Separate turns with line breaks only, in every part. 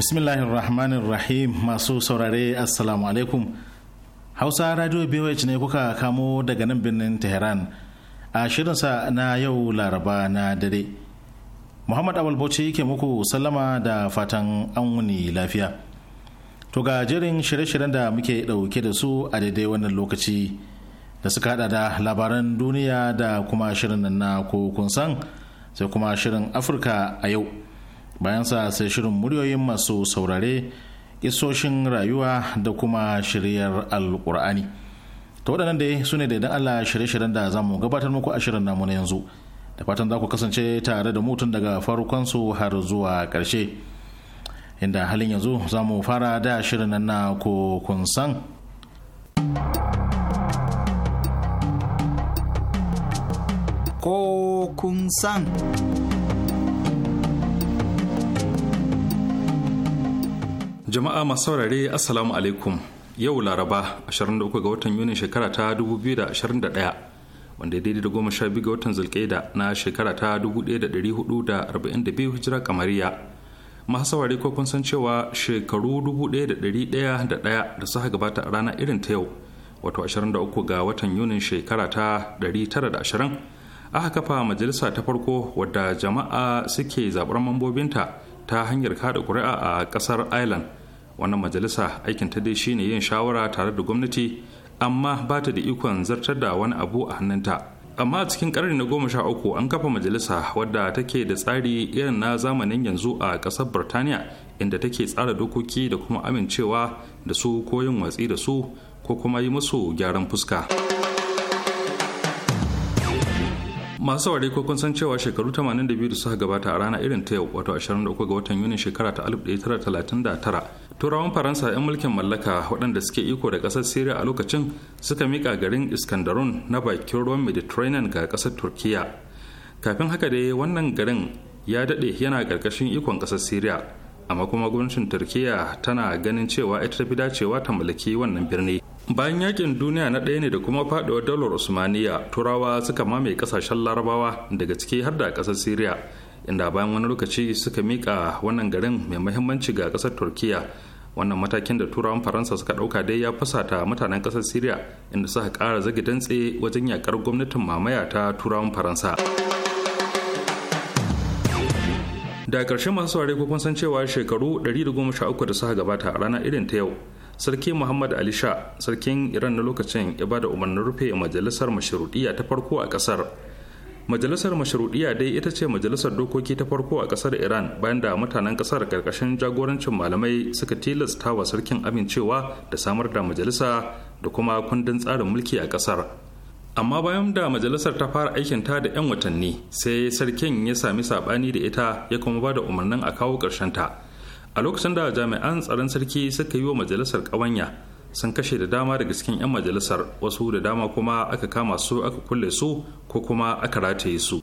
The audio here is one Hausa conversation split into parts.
bismillahir rahmanir rahim masu saurare assalamu alaikum hausa radio bwh ne kuka kamo daga nan birnin tehran a shirinsa na yau laraba na dare muhammad abalboci ke muku sallama da fatan an wuni lafiya to ga jerin shirye-shiryen da muke dauke da su a daidai wannan lokaci da suka hada da labaran duniya da kuma shirin na ko sai kuma shirin afirka a yau bayan sa sai shirin muryoyin masu saurare isoshin rayuwa da kuma shiryar alkur'ani ta waɗannan dai su ne da idan allah shirye-shiryen da za mu gabatar muku a shirin namu na yanzu da fatan za ku kasance tare da mutum daga farkon su har zuwa ƙarshe inda halin yanzu za mu fara da shirin nan na kun san
ko kun san
jama'a masu saurare assalamu alaikum yau laraba 23 ga watan Yuni shekara ta 2021 wanda daidai da goma sha biyu ga watan zulkaida na shekara ta 1442 hijira kamariya masu saurare ko kun san cewa shekaru 1101 da suka gabata a rana irin ta yau wato 23 ga watan Yuni shekara ta 920 aka kafa majalisa ta farko wadda jama'a suke zaɓar mambobinta ta hanyar kada ƙuri'a a ƙasar ireland wannan majalisa aikin ta dai shine yin shawara tare da gwamnati amma ba ta da ikon zartar da wani abu a hannunta amma a cikin karni na goma sha uku an kafa majalisa wadda take da tsari irin na zamanin yanzu a ƙasar birtaniya inda take tsara dokoki da kuma amincewa da su ko yin watsi da su ko kuma yi musu gyaran fuska. masu saurare ko kun san cewa shekaru 82 da suka gabata a rana irin ta yau wato 23 ga watan yuni shekara ta 1939 turawan faransa 'yan mulkin mallaka waɗanda suke iko da ƙasar syria a lokacin suka miƙa garin iskandarun na bakin ruwan mediterranean ga ƙasar turkiya kafin haka dai wannan garin ya daɗe yana ƙarƙashin ikon ƙasar syria amma kuma gwamnatin turkiya tana ganin cewa ita ta fi dacewa ta mallaki wannan birni bayan yakin duniya na ɗaya ne da kuma faɗuwar daular usmaniya turawa suka mamaye ƙasashen larabawa daga ciki har da ƙasar syria inda bayan wani lokaci suka mika wannan garin mai muhimmanci ga ƙasar turkiya wannan matakin da turawan faransa suka ɗauka dai ya fusata mutanen ƙasar syria inda suka ƙara zagi dantse wajen yakar gwamnatin mamaya ta turawan faransa da ƙarshe masu saurari kun san cewa shekaru 113 da suka gabata a rana irin ta yau sarki muhammad ali sha sarkin iran na lokacin ya bada umarnin rufe majalisar mashruɗiyya ta farko a ƙasar majalisar mashruɗiyya dai ita ce majalisar dokoki ta farko a ƙasar iran bayan da mutanen ƙasar ƙarƙashin jagorancin malamai suka tilasta wa sarkin amincewa da samar da majalisa da kuma kundin tsarin mulki a ƙasar amma bayan da majalisar ta fara aikin ta da 'yan watanni sai sarkin ya sami saɓani da ita ya kuma bada umarnin a kawo ƙarshen ta a lokacin da jami'an tsaron sarki suka yi wa majalisar ƙawanya sun kashe da dama daga cikin 'yan majalisar wasu da dama kuma aka kama su aka kulle su ko kuma aka rataye su.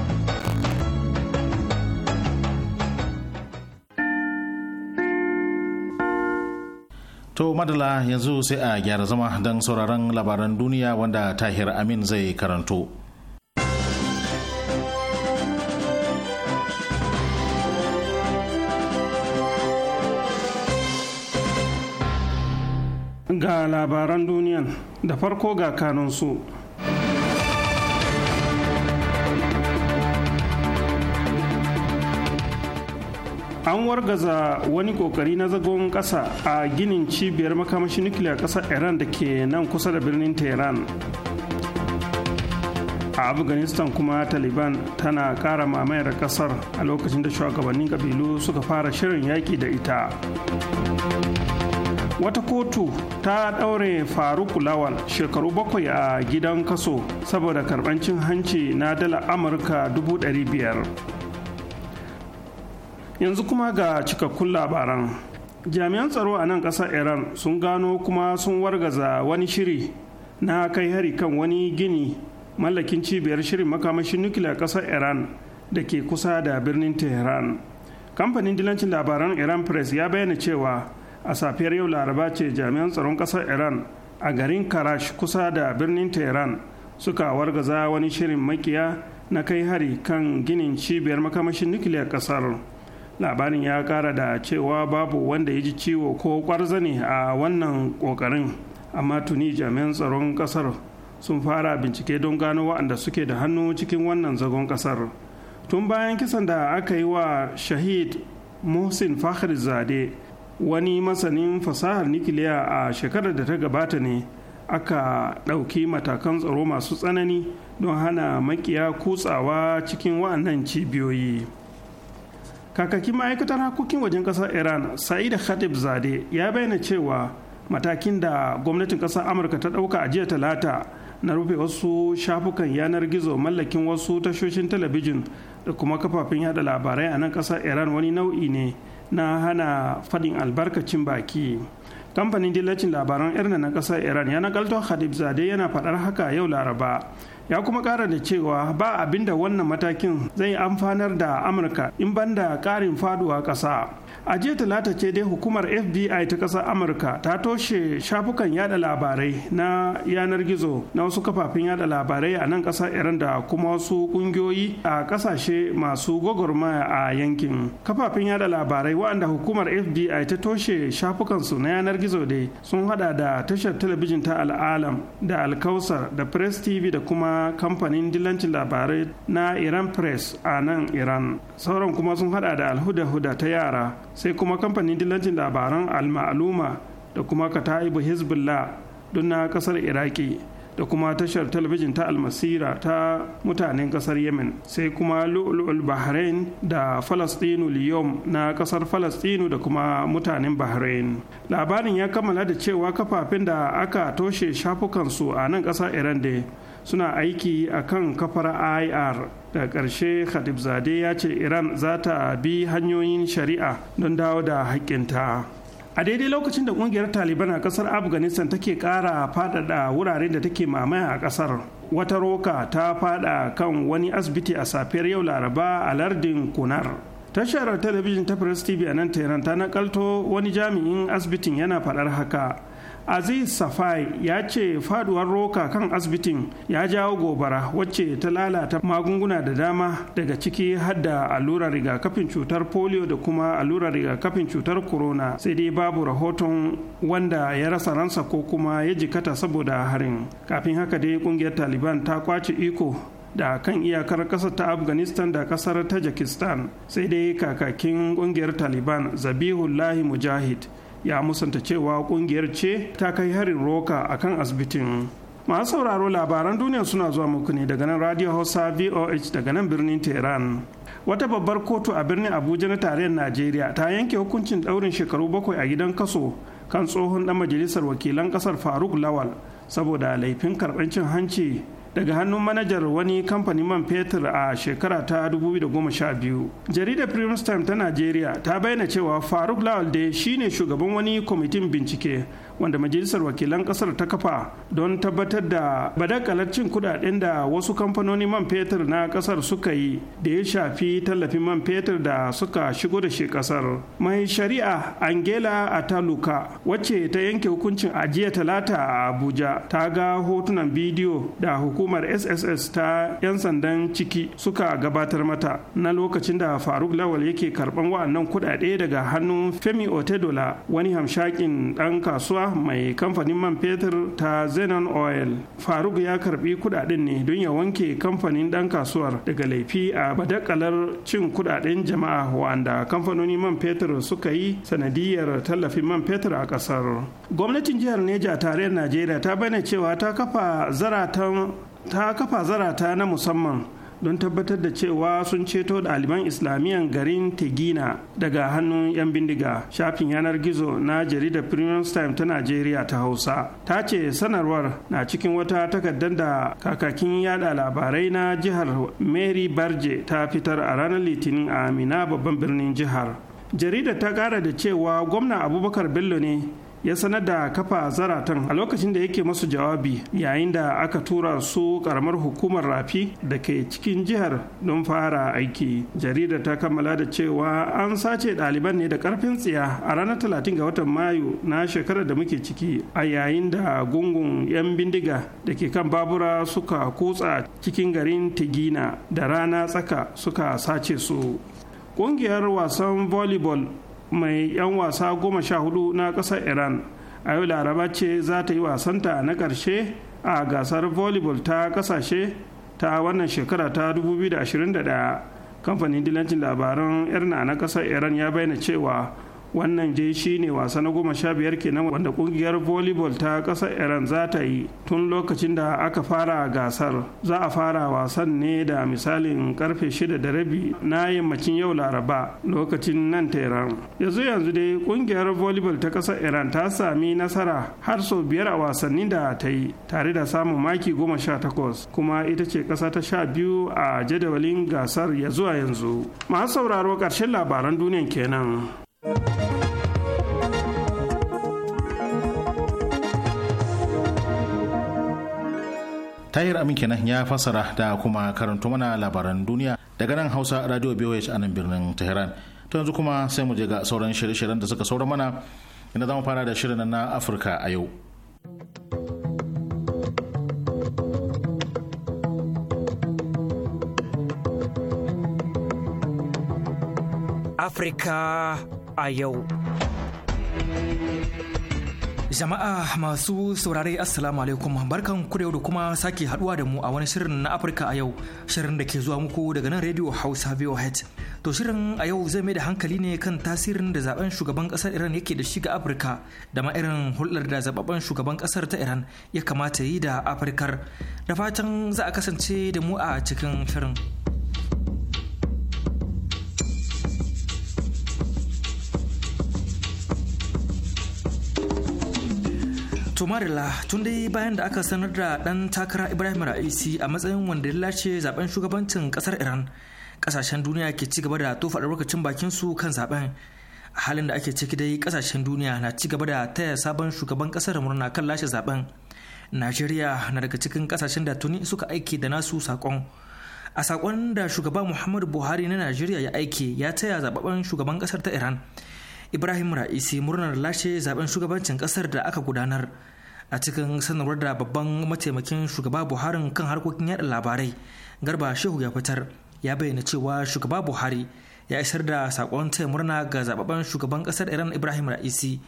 To madala yanzu sai a gyara zama don sauraron labaran duniya wanda Tahir Amin zai karanto.
Ga labaran duniyan da farko ga kanunsu. an wargaza wani kokari na zagon kasa a ginin cibiyar makamashin nukiliya kasar iran da ke nan kusa da birnin tehran a afghanistan kuma taliban tana kara mamayar kasar a lokacin da shugabannin kabilu suka fara shirin yaƙi da ita wata kotu ta ɗaure faruk lawal shekaru bakwai a gidan kaso saboda karɓancin hanci na dala amurka 500 yanzu kuma ga cikakkun labaran jami'an tsaro a nan ƙasar iran sun gano kuma sun wargaza wani shiri na kai hari kan wani gini mallakin cibiyar shirin makamashin nukiliya ƙasar iran da ke kusa da birnin tehran kamfanin dilancin labaran iran press ya bayyana cewa a safiyar yau laraba ce jami'an tsaron ƙasar iran a garin karash kusa da birnin tehran suka wargaza wani shirin makiya na kai hari kan ginin cibiyar makamashin nukiliyar ƙasar labarin ya kara da cewa babu wanda ya ji ciwo ko kwarzane a wannan kokarin amma tuni jami'an tsaron kasar sun fara bincike don gano waɗanda suke da hannu cikin wannan zagon kasar tun bayan kisan da aka yi wa shahid mohsin fakhrizade zade wani masanin fasahar nikiliya a shekarar da ta gabata ne aka ɗauki matakan tsaro masu tsanani don hana makiya kutsawa cikin wa'annan cibiyoyi kakakin ma'aikatar harkokin wajen ƙasar iran sa'ida khatib zade ya bayyana cewa matakin da gwamnatin ƙasar amurka ta ɗauka a jiya talata na rufe wasu shafukan yanar gizo mallakin wasu tashoshin talabijin da kuma kafafen yada labarai a nan ƙasar iran wani nau'i ne na hana faɗin albarkacin baki kamfanin dillacin labaran irna na ƙasar iran ya nakalto hadib zade yana faɗar haka yau laraba ya kuma ƙara da cewa ba abin da wannan matakin zai amfanar da amurka in banda ƙarin faduwa ƙasa a jiya talata ce dai hukumar fbi ta ƙasar amurka ta toshe shafukan yada labarai na yanar gizo na wasu kafafen yada labarai a nan ƙasar iran da kuma wasu ƙungiyoyi a ƙasashe masu gwagwarmaya a yankin kafafen yada labarai waɗanda hukumar fbi ta toshe shafukansu na yanar gizo dai sun hada da tashar talabijin ta al'alam da alkausar da press tv da kuma kamfanin dilancin labarai na iran press a nan iran sauran kuma sun hada da alhuda-huda ta yara sai kuma kamfanin dillancin labaran al-ma'aluma da kuma kata'ibu hezbollah don na kasar iraki da kuma tashar talabijin ta almasira ta mutanen kasar yemen sai kuma lu'lu'ul bahrain da falastinu liyom na kasar falastinu da kuma mutanen bahrain labarin ya kammala da cewa kafafen da aka toshe shafukansu a nan kasar iran da suna aiki a kan kafar ir da ƙarshe khatib zade ya ce iran za ta bi hanyoyin shari'a don dawo da haƙƙinta a daidai lokacin da ƙungiyar taliban a ƙasar afghanistan take ƙara faɗaɗa wuraren da take mamaya a ƙasar wata roka ta faɗa kan wani asibiti a safiyar yau laraba a lardin kunar tashar talabijin ta press tv a nan tehran ta nakalto wani jami'in asibitin yana faɗar haka aziz safai ya ce faduwar roka kan asibitin ya jawo gobara wacce ta lalata magunguna da dama daga ciki hadda allurar rigakafin cutar polio da kuma allurar rigakafin cutar corona sai dai babu rahoton wanda ya rasa ransa ko kuma ya jikata saboda harin kafin haka dai kungiyar taliban ta kwace iko da kan iyakar kasar ta afghanistan da ƙasar tajikistan sai dai kakakin ƙungiyar taliban zabihullahi mujahid ya musanta cewa kungiyar ce ta kai harin roka kan asibitin masu sauraro labaran duniya suna zuwa muku ne daga nan radio hausa voh daga nan birnin tehran wata babbar kotu a birnin abuja na tarayyar najeriya ta yanke hukuncin daurin shekaru bakwai a gidan kaso kan tsohon dan majalisar wakilan kasar faruk lawal saboda laifin karɓar cin hanci daga hannun manajar wani kamfanin man fetur a shekara ta 2012 jaridar primus time ta najeriya ta bayyana cewa faruk Lawalde shi shine shugaban wani kwamitin bincike wanda majalisar wakilan kasar ta kafa don tabbatar da badakalar cin kudaden da wasu kamfanoni man fetur na kasar suka yi da ya shafi tallafin man fetur da suka shigo da shi kasar mai shari'a angela ataluka wacce ta yanke hukuncin ajiya talata a abuja ta ga hotunan bidiyo da hukumar sss ta 'yan sandan ciki suka gabatar mata na lokacin da faruk lawal yake karban wa'annan kudade daga hannun femi otedola wani hamshakin dan kasuwa mai kamfanin man fetur ta zenon oil faruk ya karbi kudaden ne don ya wanke kamfanin dan kasuwar daga laifi a badakalar cin kudaden jama'a wanda kamfanonin man fetur suka yi sanadiyar tallafin man fetur a kasar gwamnatin jihar neja da najeriya ta bayyana cewa ta kafa zarata na musamman don tabbatar da cewa sun ceto ɗaliban islamiyan garin tegina daga hannun 'yan bindiga shafin yanar gizo na jaridar premium time ta najeriya ta hausa ta ce sanarwar na cikin wata takardar da kakakin yada labarai na jihar mary barje ta fitar a ranar litinin a amina babban birnin jihar jaridar ta kara da cewa gwamna abubakar bello ne ya sanar da kafa zaratan a lokacin da yake masu jawabi yayin da aka tura su karamar hukumar rafi da ke cikin jihar don fara aiki jarida ta kammala da cewa an sace ɗaliban ne da karfin tsiya a ranar talatin ga watan mayu na shekarar da muke ciki a yayin da gungun 'yan bindiga da ke kan babura suka kutsa cikin garin tigina da rana tsaka suka sace su ƙungiyar wasan volleyball mai 'yan wasa goma sha hudu na ƙasar iran a yau laraba ce za ta yi wasanta na ƙarshe a gasar volleyball ta ƙasashe ta wannan shekara ta 2021 kamfanin dilancin labaran irna na ƙasar iran ya bayyana cewa wannan je shi ne wasa na goma sha biyar kenan wanda kungiyar volleyball ta ƙasar iran za ta yi tun lokacin da aka fara gasar za a fara wasan ne da misalin karfe shida da rabi na yammacin yau laraba lokacin nan ta tehran yanzu yanzu dai kungiyar volleyball ta ƙasar iran ta sami nasara har sau biyar a wasannin da ta yi tare da samun maki goma sha takwas kuma ita ce ƙasa ta sha biyu a jadawalin gasar ya zuwa yanzu masu sauraro ƙarshen labaran duniyan kenan
tahir amin kenan ya fassara da kuma karanto mana labaran duniya daga nan hausa radio bih a nan birnin tehran to yanzu kuma sai mu je ga sauran shirye-shiryen da suka saura mana ina zama fara da shirin na afirka a yau
afirka a yau. Jama'a masu saurare Assalamu alaikum barkan ku da kuma sake haduwa da mu a wani shirin na Afirka a yau shirin da ke zuwa muku daga nan Radio Hausa VOH. To shirin a yau zai mai da hankali ne kan tasirin da zaben shugaban kasar Iran yake da shi ga Afirka da ma irin hulɗar da zababben shugaban kasar ta Iran ya kamata yi da Afirkar. Da fatan za a kasance da mu a cikin shirin. To Marila tun dai bayan da aka sanar da ɗan takara Ibrahim Ra'isi a matsayin wanda ya lace zaben shugabancin kasar Iran kasashen duniya ke ci gaba da tofa lokacin bakin su kan zaben a halin da ake ciki dai kasashen duniya na ci gaba da taya sabon shugaban kasar murna kan lashe zaben Najeriya na daga cikin kasashen da tuni suka aiki da nasu sakon a sakon da shugaba Muhammadu Buhari na Najeriya ya aiki ya taya zababben shugaban ƙasar ta Iran Ibrahim Ra'isi murnar lashe zaben shugabancin kasar da aka gudanar a cikin sanarwar da babban mataimakin shugaba Buhari kan harkokin yada labarai garba shehu ya fitar ya bayyana cewa shugaba buhari ya isar da sakon taya murna ga zababben shugaban kasar iran ibrahim ra'isi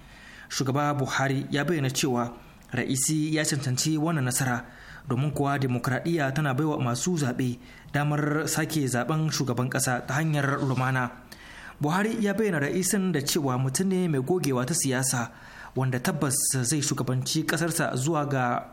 shugaba buhari ya bayyana cewa ra'isi ya cancanci wannan nasara domin kuwa demokradiyya tana baiwa masu zaɓe damar sake zaben shugaban ƙasa ta hanyar lumana buhari ya bayyana ra'isin da cewa mutum ne mai gogewa ta siyasa wanda tabbas zai shugabanci kasarsa zuwa ga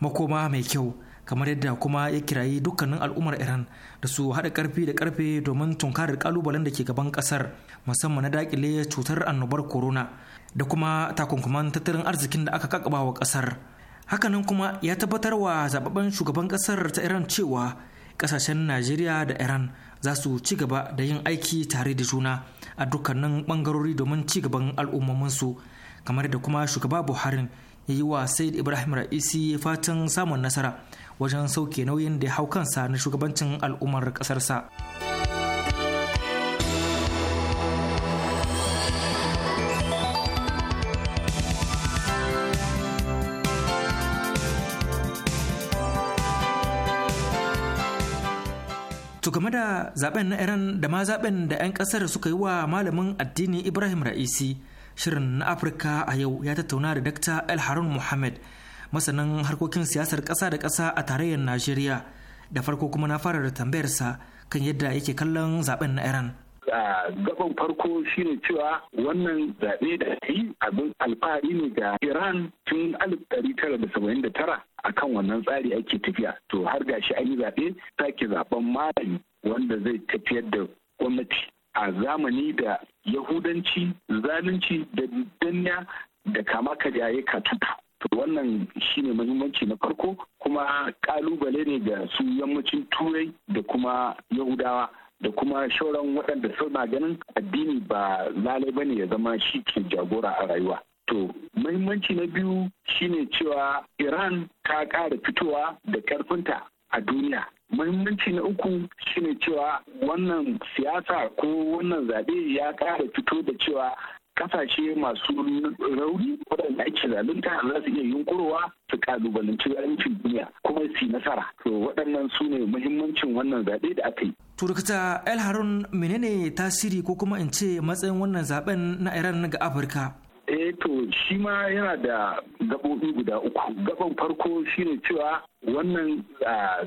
makoma mai kyau kamar yadda kuma ya kirayi dukkanin al'ummar iran da su haɗa ƙarfi da ƙarfe domin tunkarar kalubalen da ke gaban ƙasar musamman na daƙile cutar annobar corona da kuma takunkuman tattalin arzikin da aka kakaba wa ƙasar hakanan kuma ya tabbatar wa zababben shugaban ƙasar ta iran cewa ƙasashen najeriya da iran za su ci gaba da yin aiki tare da juna a dukkanin ɓangarori domin ci gaban al'ummominsu kamar da kuma shugaba buhari ya yi wa said ibrahim ra'isi ya fatan samun nasara wajen sauke nauyin da ya hau kansa na shugabancin al'ummar ƙasarsa. To game da zaben na Iran da ma zaben da 'yan kasar suka yi wa malamin addini Ibrahim Ra'isi Shirin na Afirka a yau ya tattauna da Dr. El Harun Muhammad, masanin harkokin siyasar ƙasa da ƙasa a tarayyar Najeriya. Da farko kuma na fara da tambayarsa kan yadda yake kallon zaben na Iran.
a gaban farko shine cewa wannan zaɓe da yi abin alfahari ne ga iran tun 1979 akan wannan tsari ake tafiya to har gashi an yi zaɓe sake zaɓen malami wanda zai tafiyar da gwamnati a zamani da yahudanci zalunci da danya da kama karyaye katutu to wannan shine muhimmanci na farko kuma kalubale ne ga su yammacin turai da kuma yahudawa da kuma shauran waɗanda suna ganin addini ba lalai ne ya zama shi ke jagora a rayuwa To, muhimmanci na biyu shine cewa Iran ta ƙara fitowa da ƙarfinta a duniya muhimmanci na uku shine cewa wannan siyasa ko wannan zaɓe ya ƙara fito da cewa kasashe masu rauni waɗanda ake zalunta za su iya yunkurowa su kalubalanci yancin duniya kuma su nasara to waɗannan su ne muhimmancin wannan zaɓe da aka yi. turkata
el harun menene tasiri ko kuma in ce matsayin wannan zaben na iran ga afirka
eh to shi ma yana da gaɓoɓi guda uku gaban farko shine cewa wannan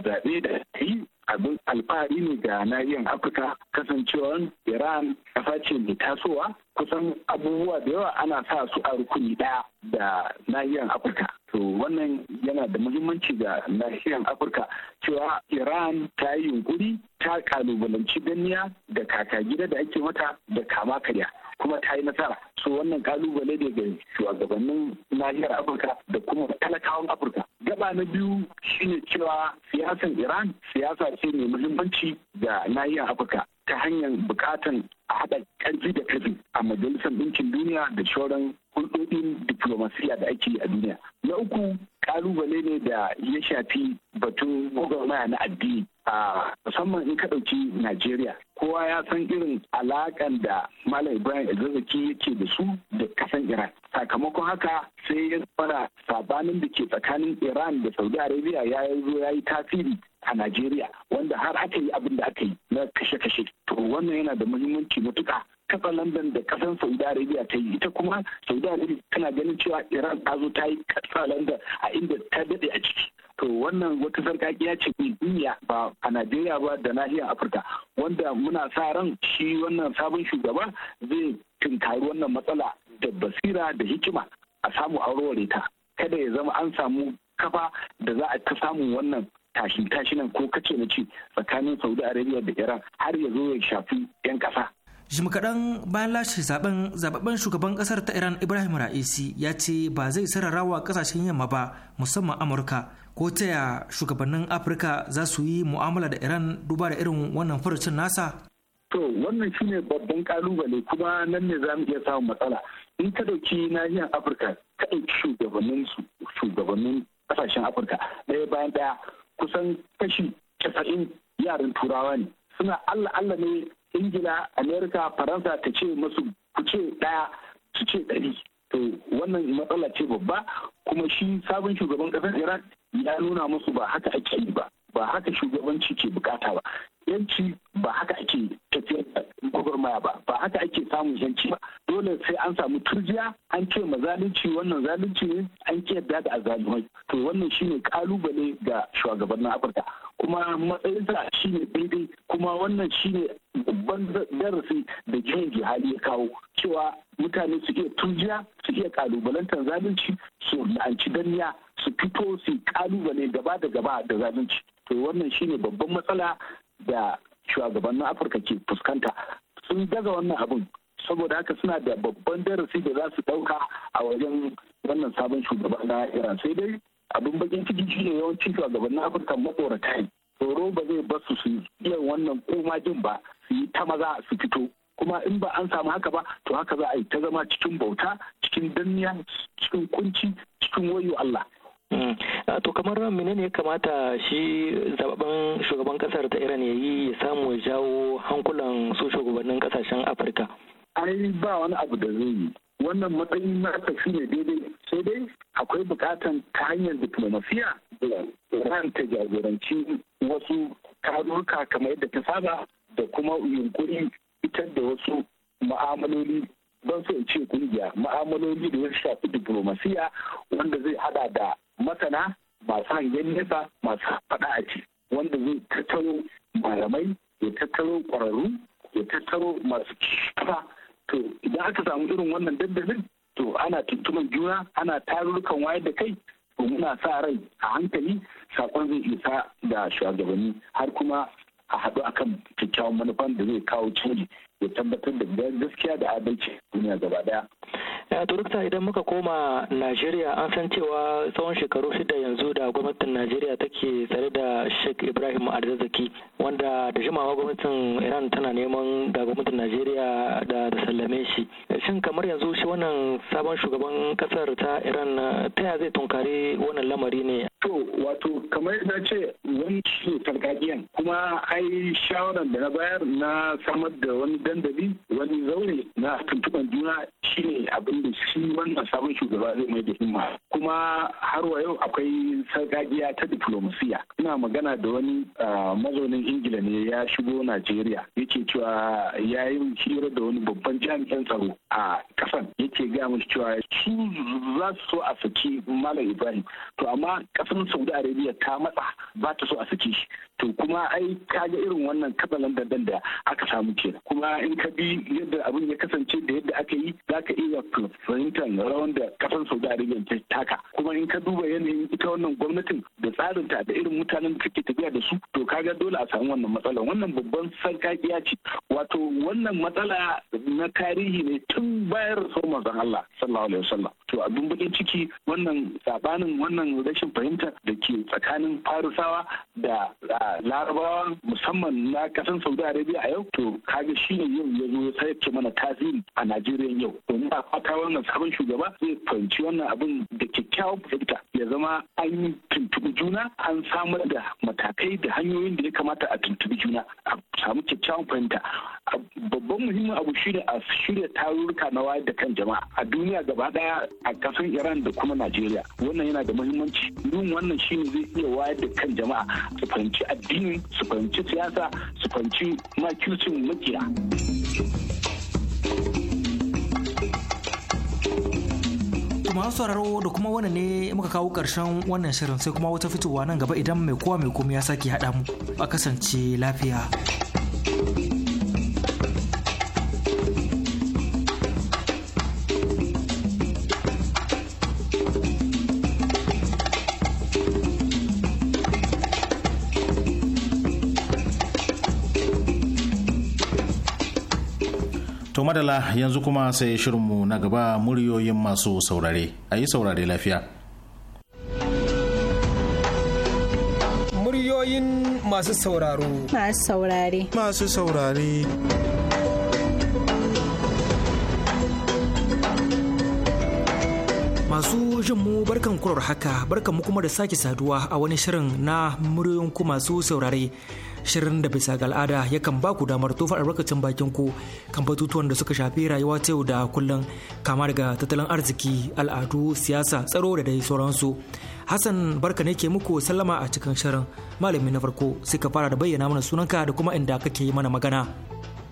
zaɓe da yi abin alfahari ne ga nahiyar afirka kasancewar iran kasa ce mai tasowa kusan abubuwa da yawa ana sa su a rukuni ɗaya da nahiyar afirka to wannan yana da muhimmanci ga nahiyar afirka cewa iran ta yi yunkuri ta kalubalanci ganiya da kaka gida da ake mata da kama karya kuma ta yi nasara so wannan kalubale daga shugabannin nahiyar afirka da kuma talakawan afirka gaba na biyu shine cewa siyasan iran siyasa ce mai muhimmanci ga nahiyar afirka ta hanyar bukatan haɗa ƙarfi da ƙarfi a majalisar ɗinkin duniya da shoran hulɗoɗin diplomasiya da ake a duniya. Na uku ƙalubale ne da ya shafi batun gwagwarmaya na addini a musamman in ka ɗauki Najeriya kowa ya san irin alakan da Malam Ibrahim Izzaki yake da su da kasan Iran. Sakamakon haka sai ya fara sabanin da ke tsakanin Iran da Saudi Arabia ya zo ya yi tasiri a Najeriya wanda har aka yi abin da aka yi na kashe-kashe. To wannan yana da muhimmanci matuƙa kasar London da kasar Saudi Arabia ta yi ita kuma Saudi Arabia tana ganin cewa Iran ta zo ta yi kasar London a inda ta daɗe a ciki. to wannan wata sarkakiya ce mai duniya ba a najeriya ba da nahiyar afirka wanda muna sa ran shi wannan sabon shugaba zai tunkari wannan matsala da basira da hikima a samu aurore ta kada ya zama an samu kafa da za a ta samun wannan tashin tashinan ko kace na ci tsakanin saudi arabia da iran har ya zo ya shafi 'yan
kasa jim kaɗan bayan lashe zaben zababben shugaban ƙasar ta iran ibrahim ra'isi ya ce ba zai sararawa ƙasashen yamma ba musamman amurka ko ta ya shugabannin afirka za su yi mu'amala da iran duba da irin wannan furucin
nasa to wannan shine babban kalubale kuma nan ne za mu iya samun matsala in ka dauki nahiyar afirka ka ɗauki shugabannin su shugabannin kasashen afirka ɗaya bayan ɗaya kusan kashi casa'in yaran turawa ne suna allah allah ne ingila amerika faransa ta ce masu ku ce ɗaya su ce ɗari to wannan matsala ce babba kuma shi sabon shugaban ƙasar iraq ya nuna musu ba haka ake yi ba ba haka shugabanci ke bukata ba yanci ba haka ake tafiyar gwagwarmaya ba ba haka ake samun yanci ba dole sai an samu turjiya an ce ma zalunci wannan zalunci ne an ce da da azalumai to wannan shine kalubale ga shugabannin afirka kuma matsayinsa shi ne daidai kuma wannan shi ne babban darasi da jihar jihadi ya kawo cewa mutane su iya turjiya su iya kalubalantar zalunci su la'anci danniya su fito su kalubale gaba da gaba da zalunci to wannan shi ne babban matsala da shugabannin afirka ke fuskanta sun daga wannan abun saboda haka suna da babban darasi da za su dauka a wajen wannan sabon shugaba na iran sai dai abin bakin ciki shi ne yawancin shugabannin afirka maƙorata ne tsoro ba zai basu su iya wannan koma jin ba su yi ta maza su fito kuma in ba an samu haka ba to haka za a yi ta zama cikin bauta cikin danniya cikin kunci cikin wayo Allah hmm. to kamar
menene ya kamata shi zababben shugaban kasar ta iran ya yi ya samu ya jawo
hankulan su shugabannin kasashen afirka ai ba wani abu da zai yi wannan matsayin nasa shi ne daidai sai dai akwai bukatan ta hanyar diplomasiya da iran ta jagoranci wasu tarurruka kamar yadda ta saba da kuma yunkuri fitar da wasu ma'amaloli don su ce kungiya ma'amaloli da ya shafi diplomasiya wanda zai hada da masana masu hangen nesa masu faɗa a ci wanda zai tattaro malamai ya tattaro ƙwararru ya tattaro masu kifa to idan aka samu irin wannan dandalin to ana tuntuman juna ana tarurrukan wayar da kai to muna sa rai a hankali sakon zai isa da shugabanni har kuma a haɗu akan kyakkyawan manufan da zai kawo canji ya tabbatar da gaskiya da adalci duniya gaba daya. ya eh, turkta idan muka koma najeriya an san cewa tsawon shekaru shida yanzu da gwamnatin
najeriya take tsare da sheikh ibrahim arzazaki wanda da jimawa gwamnatin iran tana neman da gwamnatin najeriya da da sallame shi eh, shin kamar yanzu shi wannan sabon shugaban kasar ta iran ta ya zai tunkari wannan lamari ne to
wato kamar na ce wani shi kuma ai shawaran da na bayar na samar da wani dandali wani zaune na tuntuɓar juna shine abin da shi wannan sabon shugaba zai mai da himma kuma har wa yau akwai sarƙaƙiya ta diplomasiya ina magana da wani mazaunin ingila ne ya shigo najeriya yake cewa ya yi hira da wani babban jami'an tsaro a kasan yake gaya musu cewa shi za su so a saki malam ibrahim to amma kasan saudi arabia ta matsa ba ta so a saki shi to kuma ai kaga irin wannan katsalan dandan da aka samu ke kuma in ka bi yadda abin ya kasance da yadda aka yi za ka iya fahimtar rawan da kasar da arabia ta taka kuma in ka duba yanayin ita wannan gwamnatin da tsarin ta da irin mutanen da take tafiya da su to kaga dole a samu wannan matsala wannan babban sarkakiya ce wato wannan matsala na tarihi ne tun bayan rasuwar manzon Allah sallallahu alaihi wasallam to abin bakin ciki wannan sabanin wannan rashin fahimtar da ke tsakanin farisawa da a larabawa musamman na kasan saudi arabia a yau to kaga shi ne yau ya zo sai ke mana tasiri a najeriya yau domin a fata wannan sabon shugaba zai fahimci wannan abin da kyakkyawan fahimta ya zama an yi tuntubi juna an samar da matakai da hanyoyin da ya kamata a tuntubi juna a samu kyakkyawan fahimta babban muhimmin abu shine a shirya tarurruka na wayar da kan jama'a a duniya gaba ɗaya a kasan iran da kuma najeriya wannan yana da muhimmanci yin wannan shine zai iya wayar da kan jama'a su fahimci addini su fahimci siyasa su fahimci makircin makiya
masu sauraro da kuma wani ne muka kawo ƙarshen wannan shirin sai kuma wata fitowa nan gaba idan mai kowa mai komi ya sake haɗa mu a kasance lafiya.
madala yanzu kuma sai shirinmu na gaba muryoyin masu saurare a yi saurare lafiya
muryoyin masu sauraro masu saurare masu saurare
masu jin mu barkan kurar haka barkan mu kuma da sake saduwa a wani shirin na muryoyin ku masu saurare shirin da bisa ga al'ada yakan ba ku damar tofa albarkacin bakin ku kan batutuwan da suka shafi rayuwa ta yau da kullum kama daga tattalin arziki al'adu siyasa tsaro da dai sauransu hassan barka ne ke muku sallama a cikin shirin malami na farko sai ka fara da bayyana mana sunanka da kuma inda kake yi mana magana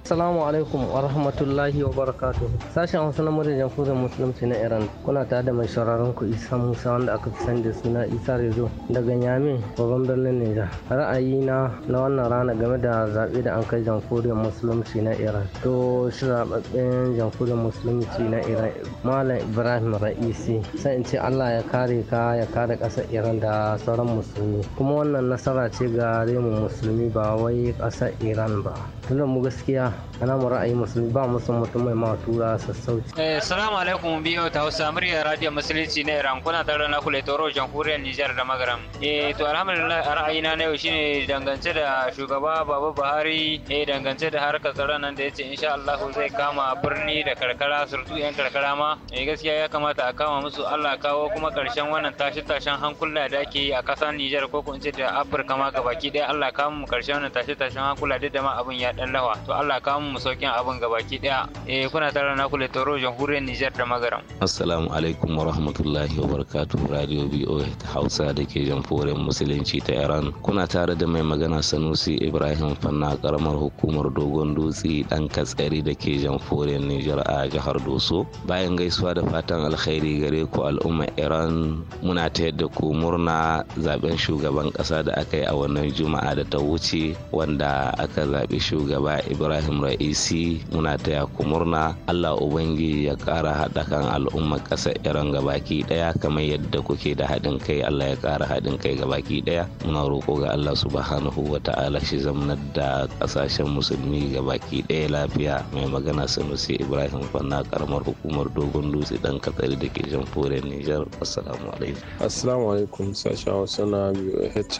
Assalamu alaikum wa rahmatullahi wa barakatuh. Sashen Hausa na murya Jamhuriyar Musulunci na Iran kuna tare da mai sauraron ku Isa Musa wanda aka fi sani da suna Isa Rezo daga Nyame babban birnin Nijar. Ra'ayi na na wannan rana game da zaɓe da an kai Jamhuriyar Musulunci na Iran. To shi zaɓaɓɓen Jamhuriyar Musulunci na Iran Malam Ibrahim Ra'isi sai in ce Allah ya kare ka ya kare ƙasar Iran da sauran musulmi. Kuma wannan nasara ce ga mu musulmi ba wai ƙasar Iran ba. Tunan mu gaskiya salamu ra'ayi musulmi ba musu mutum mai ma tura sassauci.
eh salamu alaikum biyo ta hausa murya radio musulunci na iran kuna tare na kula toro jamhuriyar nijar da magaram. eh to alhamdulillah ra'ayina na yau shine dangance da shugaba baba buhari eh dangance da harkar tsaron nan da yace insha Allah zai kama birni da karkara surtu yan karkara ma eh gaskiya ya kamata a kama musu Allah kawo kuma karshen wannan tashi tashen hankula da ake yi a kasar Nijar ko kun ce da Afirka ma gabaki daya Allah kama mu karshen wannan tashi tashen hankula duk da ma abun ya dan lawa to Allah kamun mu saukin abin gabaki daya eh kuna tare na kula toro jamhuriyar Nijar da Magaram assalamu alaikum wa rahmatullahi wa barakatuhu radio BOA ta Hausa da ke jamhuriyar musulunci ta Iran kuna tare da mai magana Sanusi Ibrahim Fanna karamar hukumar Dogon Dutse dan Katsari da ke jamhuriyar Nijar a jihar Doso bayan gaisuwa da fatan alkhairi gare ku al'umma Iran muna ta yadda ku murna zaben shugaban kasa da aka yi a wannan juma'a da ta wuce wanda aka zaɓi shugaba Ibrahim ibrahim ra'isi muna taya ku murna allah ubangi ya kara haɗa kan al'ummar kasa iran gabaki ɗaya kamar yadda kuke da haɗin kai allah ya kara haɗin kai gabaki ɗaya muna roƙo ga allah subhanahu wa ta'ala shi zamanar da kasashen musulmi gabaki ɗaya lafiya mai magana sanusi ibrahim fanna karamar hukumar dogon dutse dan katsari da ke jamhuriyar nijar assalamu alaikum
assalamu alaikum sashi hausa na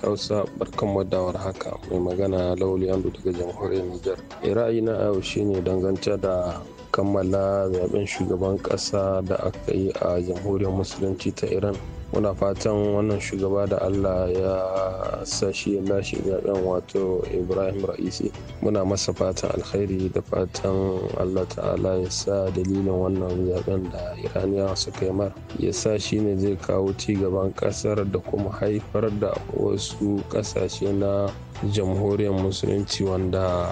hausa barkan mu da haka mai magana lauli andu daga jamhuriyar nijar eh, ra'ayi na yau shine dangance da kammala zaben shugaban ƙasa da aka yi a jamhuriyar musulunci ta iran muna fatan wannan shugaba da allah ya sa shi ya lashe zaben wato ibrahim ra'isi muna masa fatan alkhairi da fatan allah ta'ala ya sa dalilin wannan zaben da iraniya suka yi mar ya sa shi ne zai kawo ci gaban kasar da kuma haifar da wasu kasashe na jamhuriyar musulunci wanda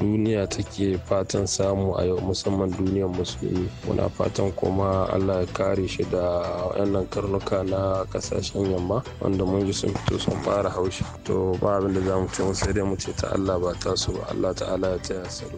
duniya take fatan samu a yau musamman duniyar musulmi muna fatan kuma allah ya kare shi da wayannan karnuka na kasashen yamma wanda mun ji sun fito sun fara haushi to ba abin da za mu ce mu sai dai mu ce ta allah ba tasu ba allah ta'ala ya taya salu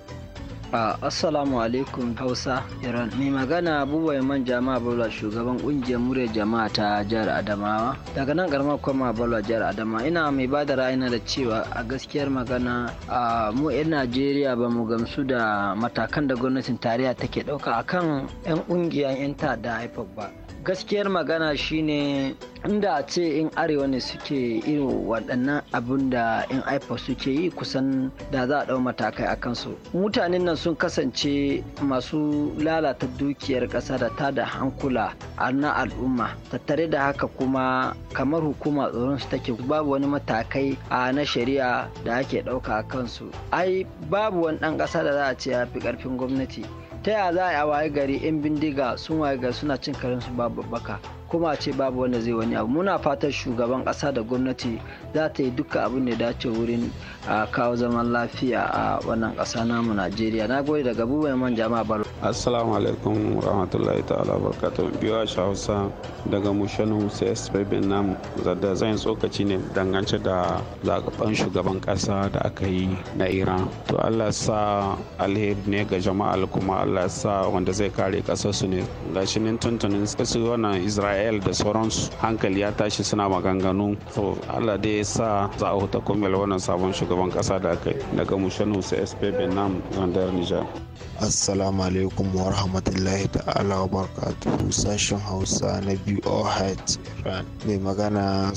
Assalamu alaikum Hausa Iran. Mai magana Abubuwa Man Jama'a Bala shugaban kungiyar murya jama'a ta jihar Adamawa. Daga nan karamar kwama Bala jihar Adamawa ina mai ba da ra'ayi da cewa a gaskiyar magana a mu 'yan Najeriya ba mu gamsu da matakan da gwamnatin tarayya take ɗauka a kan 'yan kungiyar 'yan ta'adda haifar ba. gaskiyar magana shine inda a ce in arewa ne suke irin waɗannan abin da in aifa suke yi kusan da za a ɗau matakai a kansu mutanen nan sun kasance masu lalata dukiyar ƙasa da ta da hankula a na al'umma tattare da haka kuma kamar hukuma tsoron su take babu wani matakai a na shari'a da ake ɗauka a kansu ai babu wani ɗan ƙasa da za a ce ya fi ƙarfin gwamnati ta yaya za a waye gari 'yan bindiga sun waye gari suna cin su babu baka kuma a ce babu wanda zai wani abu muna fatan shugaban ƙasa da gwamnati za ta yi duka abin da dace wurin a kawo zaman lafiya a wannan ƙasa namu najeriya na gode daga mai man jama'a baro
assalamu alaikum rahmatullahi ta'ala barkatu biyu a daga mushanu sai bin namu da zan tsokaci ne
dangance da zaɓen shugaban ƙasa da aka yi na iran to allah sa alheri ne ga jama'a kuma allah sa wanda zai kare ƙasarsu ne gashi tuntunin su wannan israel. sahel da sauransu hankali ya tashi suna maganganu to allah
dai ya sa za a huta komel wannan sabon shugaban kasa da aka daga mushanu sa sp benam zandar nijar
assalamu alaikum wa rahmatullahi ta'ala wa barakatuhu sashen hausa na boh iran mai magana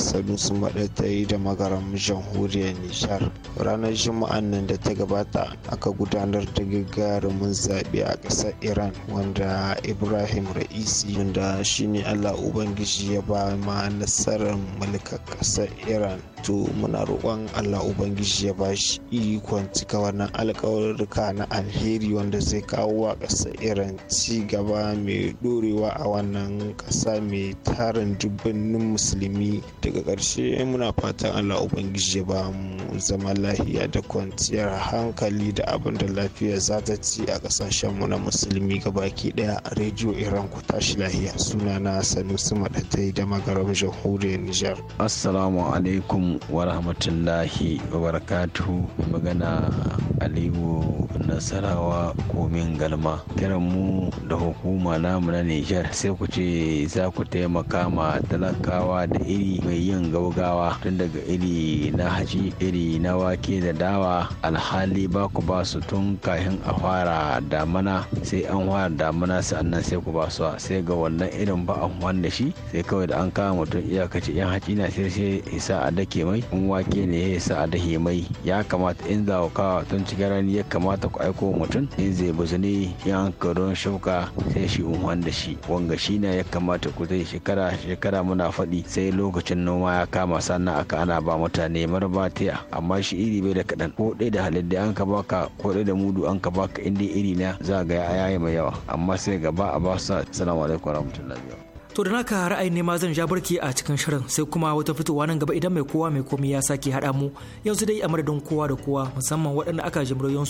Maɗata yi da magaram jamhuriyar nishar ranar juma'an nan da ta gabata aka gudanar da gagarumin zaɓe a ƙasar iran wanda ibrahim ra'isi wanda shine allah ubangiji ya ba ma nasarar mulka ƙasar iran to muna roƙon Allah Ubangiji ya ba shi ikon cika wannan alƙawarruka na alheri wanda zai kawo wa ƙasa irin ci gaba mai ɗorewa a wannan ƙasa mai tarin dubbanin musulmi daga ƙarshe muna fatan Allah Ubangiji ya ba mu zama lafiya da kwanciyar hankali da abin da lafiya za ta ci a ƙasashen mu na musulmi gabaki ɗaya rediyo Iran ku tashi lahiya sunana Sanusi madatai da magaram jamhuriyar Nijar. Assalamu alaikum wa rahmatullahi wa barakatuhu magana aliyu
nasarawa komin galma kiran mu da hukuma namu na nijar sai ku ce za ku taimaka ma talakawa da iri mai yin gaugawa tun daga iri na haji iri na wake da dawa alhali ba ku ba su tun kahin a fara damana sai an fara damana sannan sai ku ba su sai ga wannan irin ba a wanda shi sai kawai da an kama mutum iyakaci yan haji na sai sai isa a dake ake mai in wake ne ya sa a dahe mai ya kamata in za tun cikin rani ya kamata ku aiko mutum in zai bazu ne yan karon shauka sai shi umar da shi wanga shi ne ya kamata ku zai shekara shekara muna faɗi sai lokacin noma ya kama sannan aka ana ba mutane marbatiya amma shi iri bai da kaɗan ko ɗaya da halitta an ka baka ko ɗaya da mudu an ka baka inda iri na za ga ya yi mai yawa amma sai gaba a ba su salamu alaikum warahmatullahi wabarakatuh
To da naka ra'ayin ma zan ja barki a cikin shirin sai kuma wata fitowa nan gaba idan mai kowa mai komai ya sake haɗa mu yanzu dai a madadin kowa da kowa musamman waɗanda aka jimriyon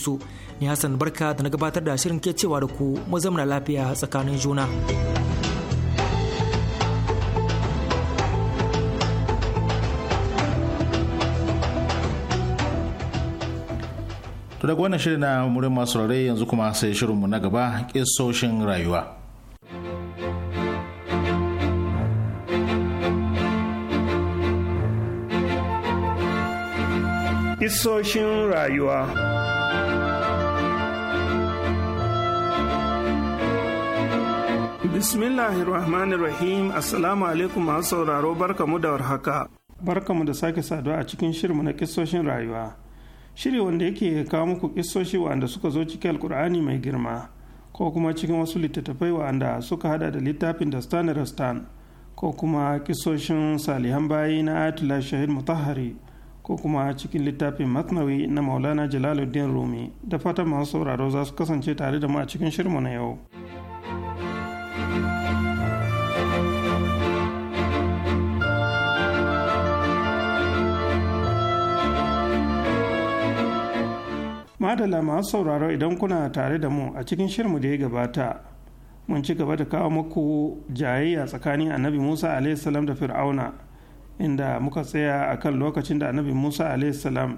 ni Hassan Barka da na gabatar da shirin ke cewa da ku mu zamana lafiya tsakanin juna.
To daga wannan shirin na murin masu yanzu kuma sai shirinmu na gaba kisoshin rayuwa.
Isoshin rayuwa. Bismillahirrahmanirrahim Assalamu alaikum masu sauraro barkamu da warhaka. Barkamu da sake saduwa a cikin shirmu na kisoshin rayuwa. Shiri wanda yake kawo muku kisoshi wanda suka zo cikin alkur'ani mai girma ko kuma cikin wasu littattafai wanda suka hada da littafin da dastan, ko kuma kisoshin salihan bayi na Atula Shahid Mutahari ko kuma cikin littafin matnawi na maulana jalaluddin rumi da fatan masu sauraro za su kasance tare da mu a cikin shirmu na yau madala masu sauraro idan kuna tare da mu a cikin shirmu da ya gabata mun ci gaba da kawo muku jayayya tsakanin annabi musa salam da fir'auna inda muka tsaya a kan lokacin da annabi musa salam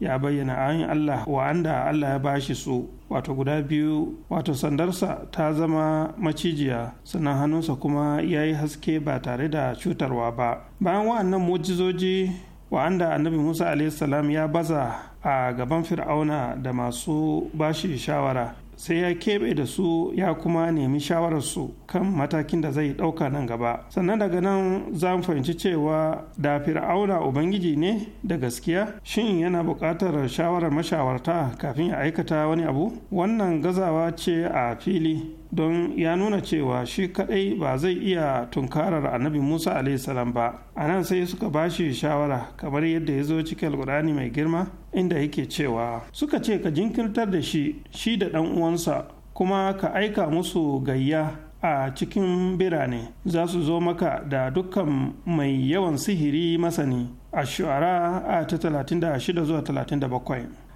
ya bayyana ayin allah wa'anda allah ya bashi su wato guda biyu wato sandarsa ta zama macijiya sannan hannunsa kuma ya yi haske ba tare da cutarwa ba bayan wa'annan mujizoji wa'anda annabi musa salam ya baza a gaban fir'auna da masu bashi shawara sai ya keɓe da su ya kuma nemi su kan matakin da zai ɗauka nan gaba sannan daga nan za mu fahimci cewa da fir'auna ubangiji ne da gaskiya shin yana buƙatar shawarar mashawarta kafin ya aikata wani abu wannan gazawa ce a fili don ya nuna cewa shi kadai ba zai iya tunkarar annabi musa salam ba a nan sai suka ba shi shawara kamar yadda ya zo cikin alkurani mai girma inda yake cewa suka ce ka jinkirtar da shi shi da ɗan uwansa kuma ka aika musu gayya a cikin birane za su zo maka da dukkan mai yawan sihiri masani a shu'ara a ta 36 zuwa 37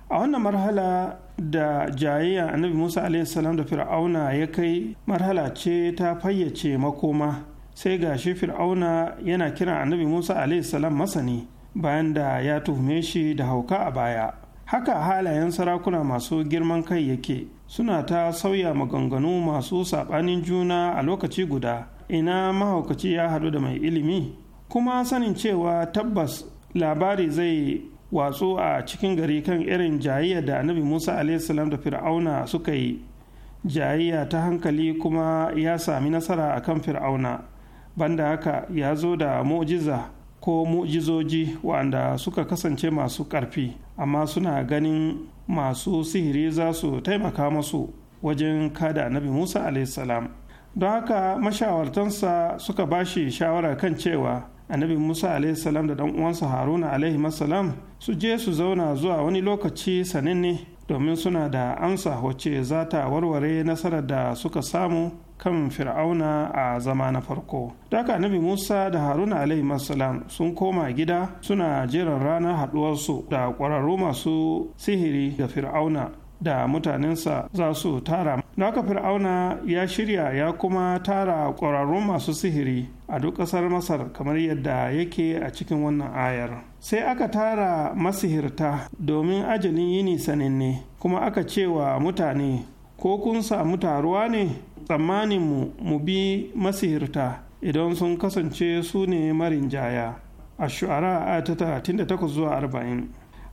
a wannan marhala da jayayya annabi musa salam da fir'auna ya kai marhala ce ta fayyace makoma sai ga shi fir'auna yana kiran annabi musa salam masani bayan da ya tuhume shi da hauka a baya haka halayen sarakuna masu girman kai yake suna ta sauya maganganu masu saɓanin juna a lokaci guda ina mahaukaci ya haɗu da mai ilimi kuma sanin cewa tabbas labari zai watsu a cikin gari kan irin jayayya da annabi musa alaihissalam da fir'auna suka yi jayayya ta hankali kuma ya sami nasara akan fir'auna banda haka ya zo da mu'jiza ko mu'jizoji wanda suka kasance masu ƙarfi amma suna ganin masu sihiri za su taimaka masu wajen kada annabi musa alaihissalam don haka mashawartansa suka bashi shawara kan cewa annabi musa salam da dan uwansa haruna salam su je su zauna zuwa wani lokaci sananne domin suna da amsa wacce za ta warware nasarar da suka samu kan fir'auna a zama na farko daga annabi musa da haruna salam sun koma gida suna jiran ranar haduwarsu da ƙwararru masu sihiri ga fir'auna da mutanensa za su tara don fir'auna ya shirya ya kuma tara ƙwararrun masu sihiri a duk ƙasar masar kamar yadda yake a cikin wannan ayar sai aka tara masihirta domin ajalin yini sananne kuma aka cewa mutane ko kun samu taruwa ne tsammaninmu mu bi masihirta idan sun kasance su ne jaya a shu'ara ta 38 zuwa 40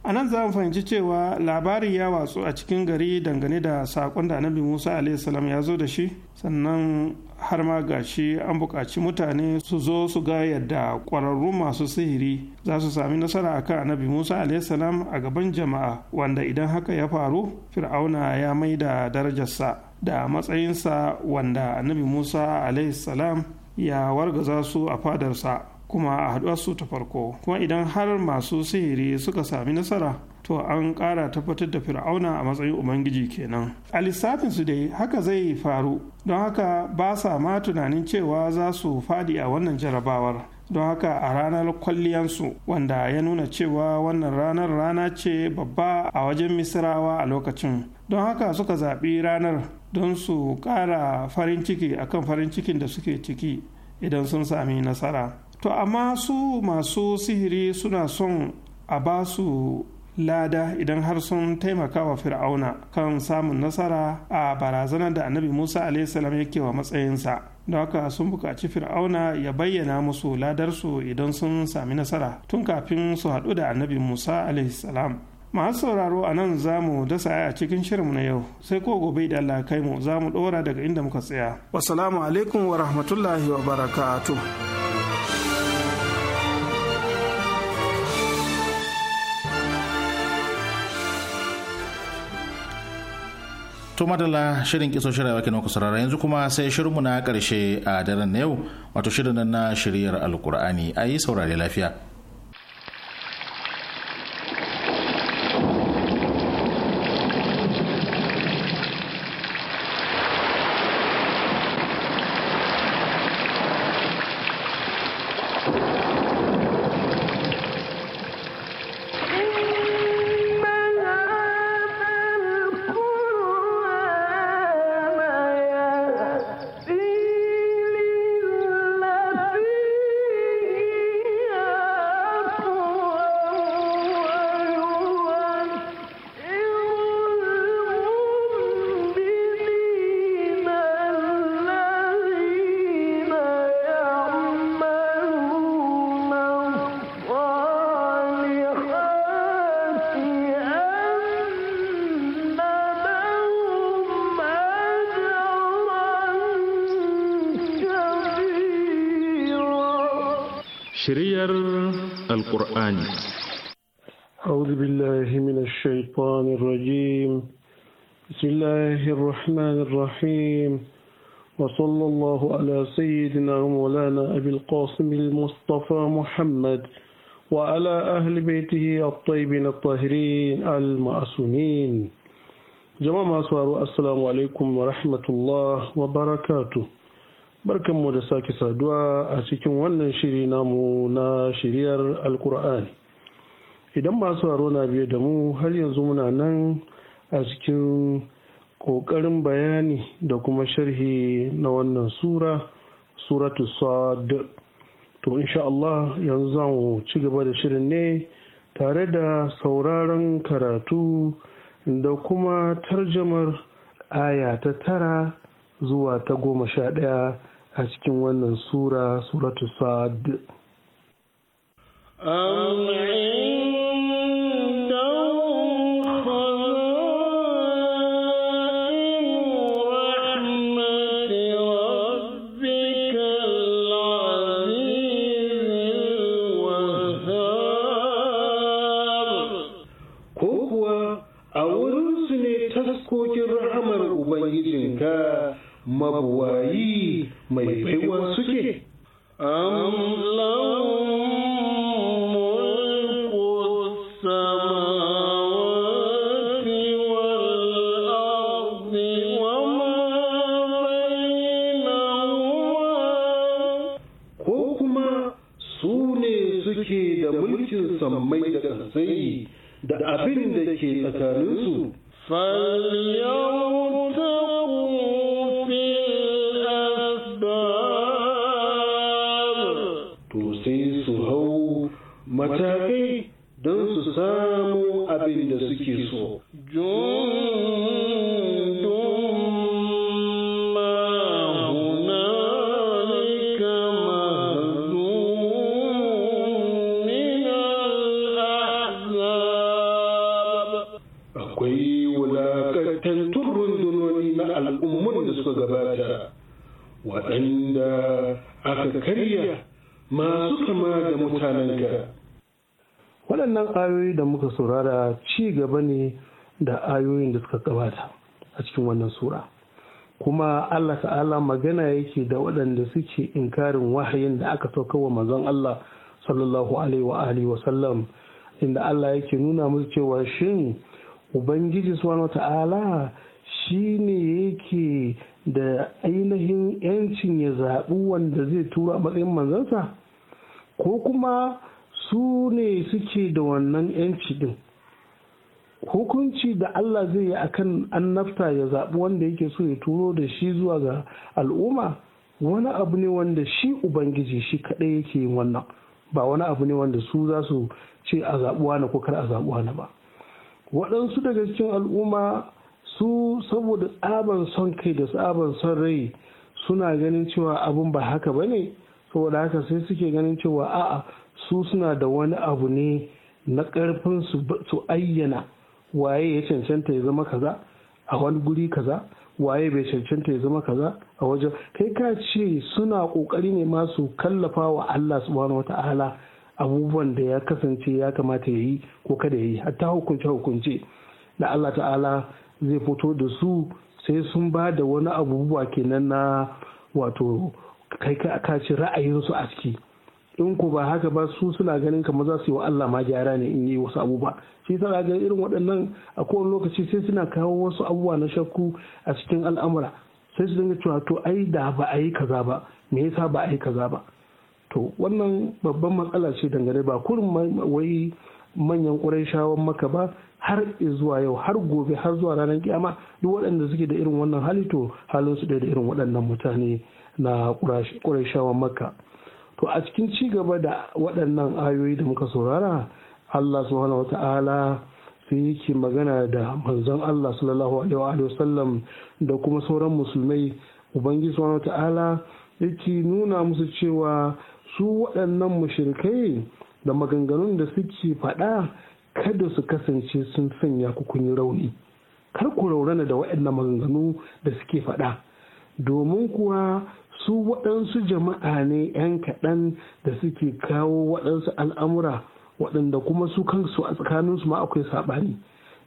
a nan za mu fahimci cewa labari ya watsu a cikin gari dangane da saƙon da annabi musa salam ya zo da shi sannan har ma gashi an buƙaci mutane su zo su ga yadda ƙwararru masu sihiri za su sami nasara akan annabi musa salam a gaban jama'a wanda idan haka ya faru fir'auna ya mai da darajarsa da matsayinsa wanda annabi musa salam ya wargaza su a fadarsa kuma a haduwar su ta farko kuma idan har masu sihiri suka sami nasara to an ƙara tabbatar da fir'auna a matsayin ubangiji kenan a lissafin su dai haka zai faru don haka ba sa ma tunanin cewa za su faɗi a wannan jarabawar don haka a ranar kwalliyansu wanda ya nuna cewa wannan ranar rana ce babba a wajen misirawa a lokacin don haka suka zaɓi ranar don su ƙara farin ciki akan farin cikin da suke ciki idan sun sami nasara to amma su masu sihiri suna son a ba su lada idan har sun taimaka wa fir'auna kan samun nasara a barazanar da annabi musa alaihissalam yake wa matsayinsa da haka sun buƙaci fir'auna ya bayyana musu ladarsu idan sun sami nasara tun kafin su haɗu da annabi musa alaihissalam masu sauraro a nan za mu dasa a cikin shirinmu na yau sai ko gobe da Allah kai mu za mu ɗora daga inda muka tsaya wasalamu alaikum wa rahmatullahi wa
to madalla shirin kiso shirya wake na kusurara yanzu kuma sai shirinmu na karshe a daren na yau wato shirin na shiryar alkur'ani a yi saurare lafiya
الرحيم وصلى الله على سيدنا ومولانا أبي القاسم المصطفى محمد وعلى أهل بيته الطيبين الطاهرين المعصومين جماعة أسوار السلام عليكم ورحمة الله وبركاته بركة مدساك سادوا أسيكم وانا شرينا مونا شرير القرآن إذا ما أسوارنا بيدمو هل ينزمنا نن أسيكم ƙoƙarin bayani da kuma sharhi na wannan sura suratu sad to insha Allah yanzu za mu ci gaba da shirin ne tare da sauraron karatu da kuma tarjamar aya ta tara zuwa ta goma sha ɗaya a cikin wannan sura suratu sad mabuwayi mai baiwa suke am Ko kuma su ne suke da mulkin sammai da ƙasai da abin da ke tsakaninsu. فاليوم don su samu abin da suke so. Akwai wulakantattun rundunoni na al'ummun da suka gabata, waɗanda aka karya masu kama da mutanenka. waɗannan ayoyi da muka saurara ci gaba ne da ayoyin da suka gabata a cikin wannan sura kuma Allah ta'ala magana yake da waɗanda suke inkarin wahayin da aka sauka wa manzon Allah sallallahu alaihi wa sallam inda Allah yake nuna musu cewa shin ubangiji subhanahu ta'ala shi ne yake da ainihin yancin ya zaɓi wanda zai tura matsayin manzansa ko kuma su ne suke da wannan yanci din hukunci da Allah zai yi akan annabta ya zaɓi wanda yake so ya turo da shi zuwa ga al'umma wani abu ne wanda shi ubangiji shi kaɗai yake yin wannan ba wani abu ne wanda su za su ce a zaɓuwa na ko kar a zaɓuwa na ba waɗansu daga cikin al'umma su saboda tsaban son kai da tsaban son rai suna ganin cewa abin ba haka ba ne saboda haka sai suke ganin cewa a'a su suna da wani abu ne na ƙarfin su ayyana waye ya cancanta ya zama kaza a wani guri kaza waye bai cancanta ya zama kaza a wajen kai ka ce suna ƙoƙari ne masu kallafa wa Allah subhanahu Ta'ala) abubuwan da ya kasance ya kamata ya yi ko kada ya yi hatta hukunce hukunce da Allah ta'ala zai fito da su sai sun ba da wani abubuwa kenan na wato kai ka ci ra'ayinsu a ciki in ku ba haka ba su suna ganin kamar za su yi wa Allah ma gyara ne in yi wasu abubuwa shi sa ga irin waɗannan a kowane lokaci sai suna kawo wasu abubuwa na shakku a cikin al'amura sai su dinga cewa to ai da ba a yi kaza ba me yasa ba a yi kaza ba to wannan babban matsala ce dangane ba kurin wai manyan shawon maka ba har zuwa yau har gobe har zuwa ranar kiyama duk waɗanda suke da irin wannan hali to halin su da irin waɗannan mutane na shawon maka to a cikin ci gaba da waɗannan ayoyi da muka saurara Allah subhanahu wata'ala sai yake magana da manzon Allah sallallahu alaihi wa sallam da kuma sauran musulmai ubangiji subhanahu wata'ala yake nuna musu cewa su waɗannan mushrikai da maganganun da suke faɗa kada su kasance sun sanya ku kun rauni kar ku raurana da waɗannan maganganu da suke faɗa domin kuwa su waɗansu jama'a ne 'yan kaɗan da suke kawo waɗansu al'amura waɗanda kuma su kansu a tsakaninsu ma akwai saɓani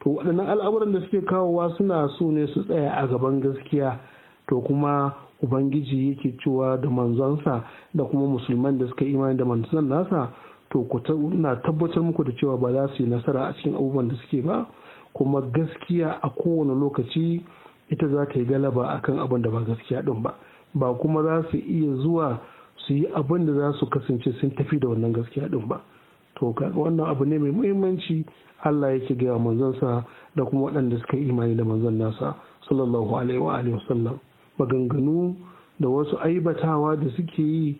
to waɗannan al'amuran da suke kawowa suna so ne su tsaya a gaban gaskiya to kuma ubangiji yake cewa da manzonsa da kuma musulman da suka imani da manzan nasa to ku na tabbatar muku da cewa ba za su yi nasara a cikin abubuwan da suke ba kuma gaskiya a kowane lokaci ita za ta yi galaba akan abin da ba gaskiya din ba ba kuma za su iya zuwa su yi abin da za su kasance sun tafi da wannan gaskiya din ba to wannan abu ne mai muhimmanci Allah yake gaya manzansa da kuma waɗanda suka imani da manzon nasa sallallahu alaihi wa alihi wasallam maganganu da wasu aibatawa da suke yi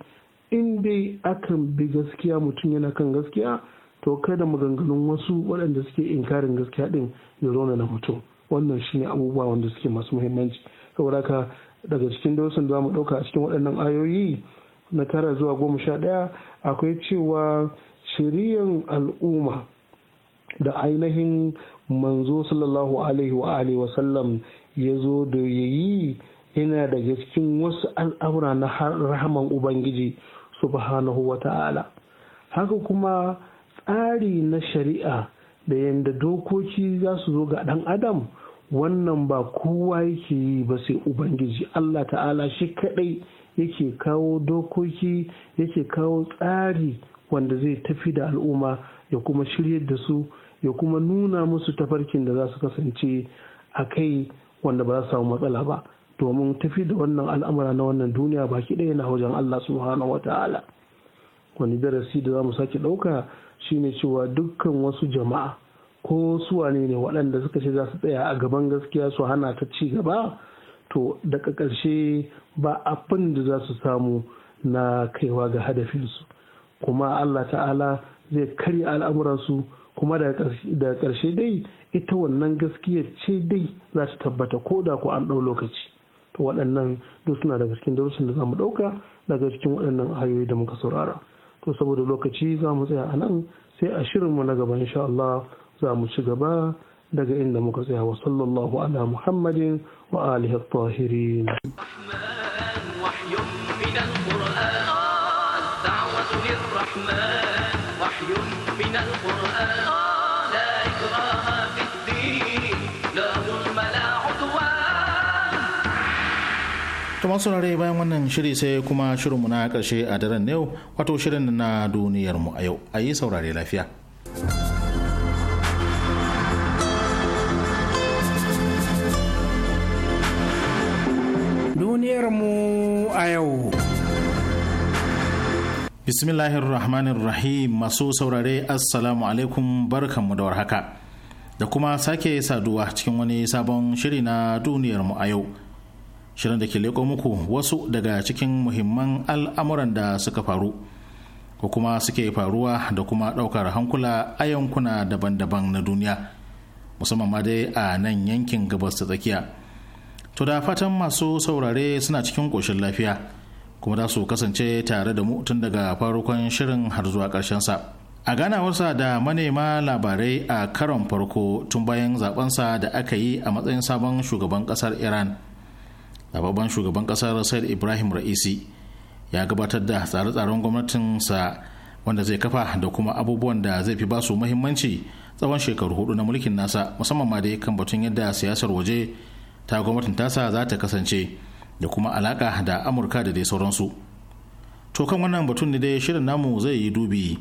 in dai akan bi gaskiya mutum yana kan gaskiya to kada maganganun wasu waɗanda suke inkarin gaskiya din ya zauna na mutum wannan shine abubuwa wanda suke masu muhimmanci saboda daga cikin dosin za mu ɗauka a cikin waɗannan ayoyi na tara zuwa goma sha ɗaya akwai cewa shiriyan al'umma da ainihin manzo sallallahu alaihi wa alihi wa sallam ya zo da ya yi yana daga cikin wasu al'amura na rahaman ubangiji subhanahu wa ta'ala haka kuma tsari na shari'a da yadda dokoki za su zo ga ɗan adam wannan ba kowa yake yi ba sai ubangiji allah ta'ala shi kadai yake kawo dokoki yake kawo tsari wanda zai tafi da al'umma ya kuma shiryar da su ya kuma nuna musu tafarkin da za su kasance a kai wanda ba za su samu matsala ba domin tafi da wannan al'amura na wannan duniya baki ɗaya na wajen Allah subhanahu wa ta'ala wani darasi da za mu sake ɗauka shine cewa dukkan wasu jama'a ko su wane ne waɗanda suka ce za su tsaya a gaban gaskiya su hana ta ci gaba to daga ƙarshe ba abin da za su samu na kaiwa ga hadafinsu kuma allah ta'ala zai karya al'amuransu kuma da ƙarshe dai ita wannan gaskiya ce dai za ta tabbata ko da ko an ɗau lokaci to waɗannan duk suna daga cikin darussan da za mu ɗauka daga cikin waɗannan ayoyi da muka saurara to saboda lokaci za mu tsaya a nan sai a shirinmu na gaba insha Allah za mu ci gaba daga inda muka tsaya wa sallallahu ala muhammadin wa alihi tahirin
Tuma saurare bayan wannan shiri sai kuma shirinmu na karshe a daren yau wato shirin na duniyarmu a yau a yi saurare lafiya. mu a yau. Bismillahir Rahmanir Rahim masu saurare Assalamu alaikum barkanmu da warhaka da kuma sake saduwa cikin wani sabon shiri na duniyarmu a yau. Shirin da ke leko muku wasu daga cikin muhimman al'amuran da suka faru ko kuma suke faruwa da kuma ɗaukar hankula a yankuna daban-daban na duniya musamman ma dai a nan yankin gabas ta tsakiya. To da fatan masu saurare suna cikin ƙoshin lafiya kuma za su kasance tare da mu tun daga farkon shirin har zuwa sa A ganawarsa da manema labarai a karon farko tun bayan zabensa da aka yi a matsayin sabon shugaban ƙasar Iran. Zababban shugaban ƙasar Said Ibrahim Ra'isi ya gabatar da tsare-tsaren gwamnatinsa wanda zai kafa da kuma abubuwan da zai fi basu muhimmanci tsawon shekaru hudu na mulkin nasa musamman ma dai kan batun yadda siyasar waje ta gwamnatin tasa za ta kasance da kuma alaka da amurka da dai sauransu to kan wannan batun ne dai shirin namu zai yi dubi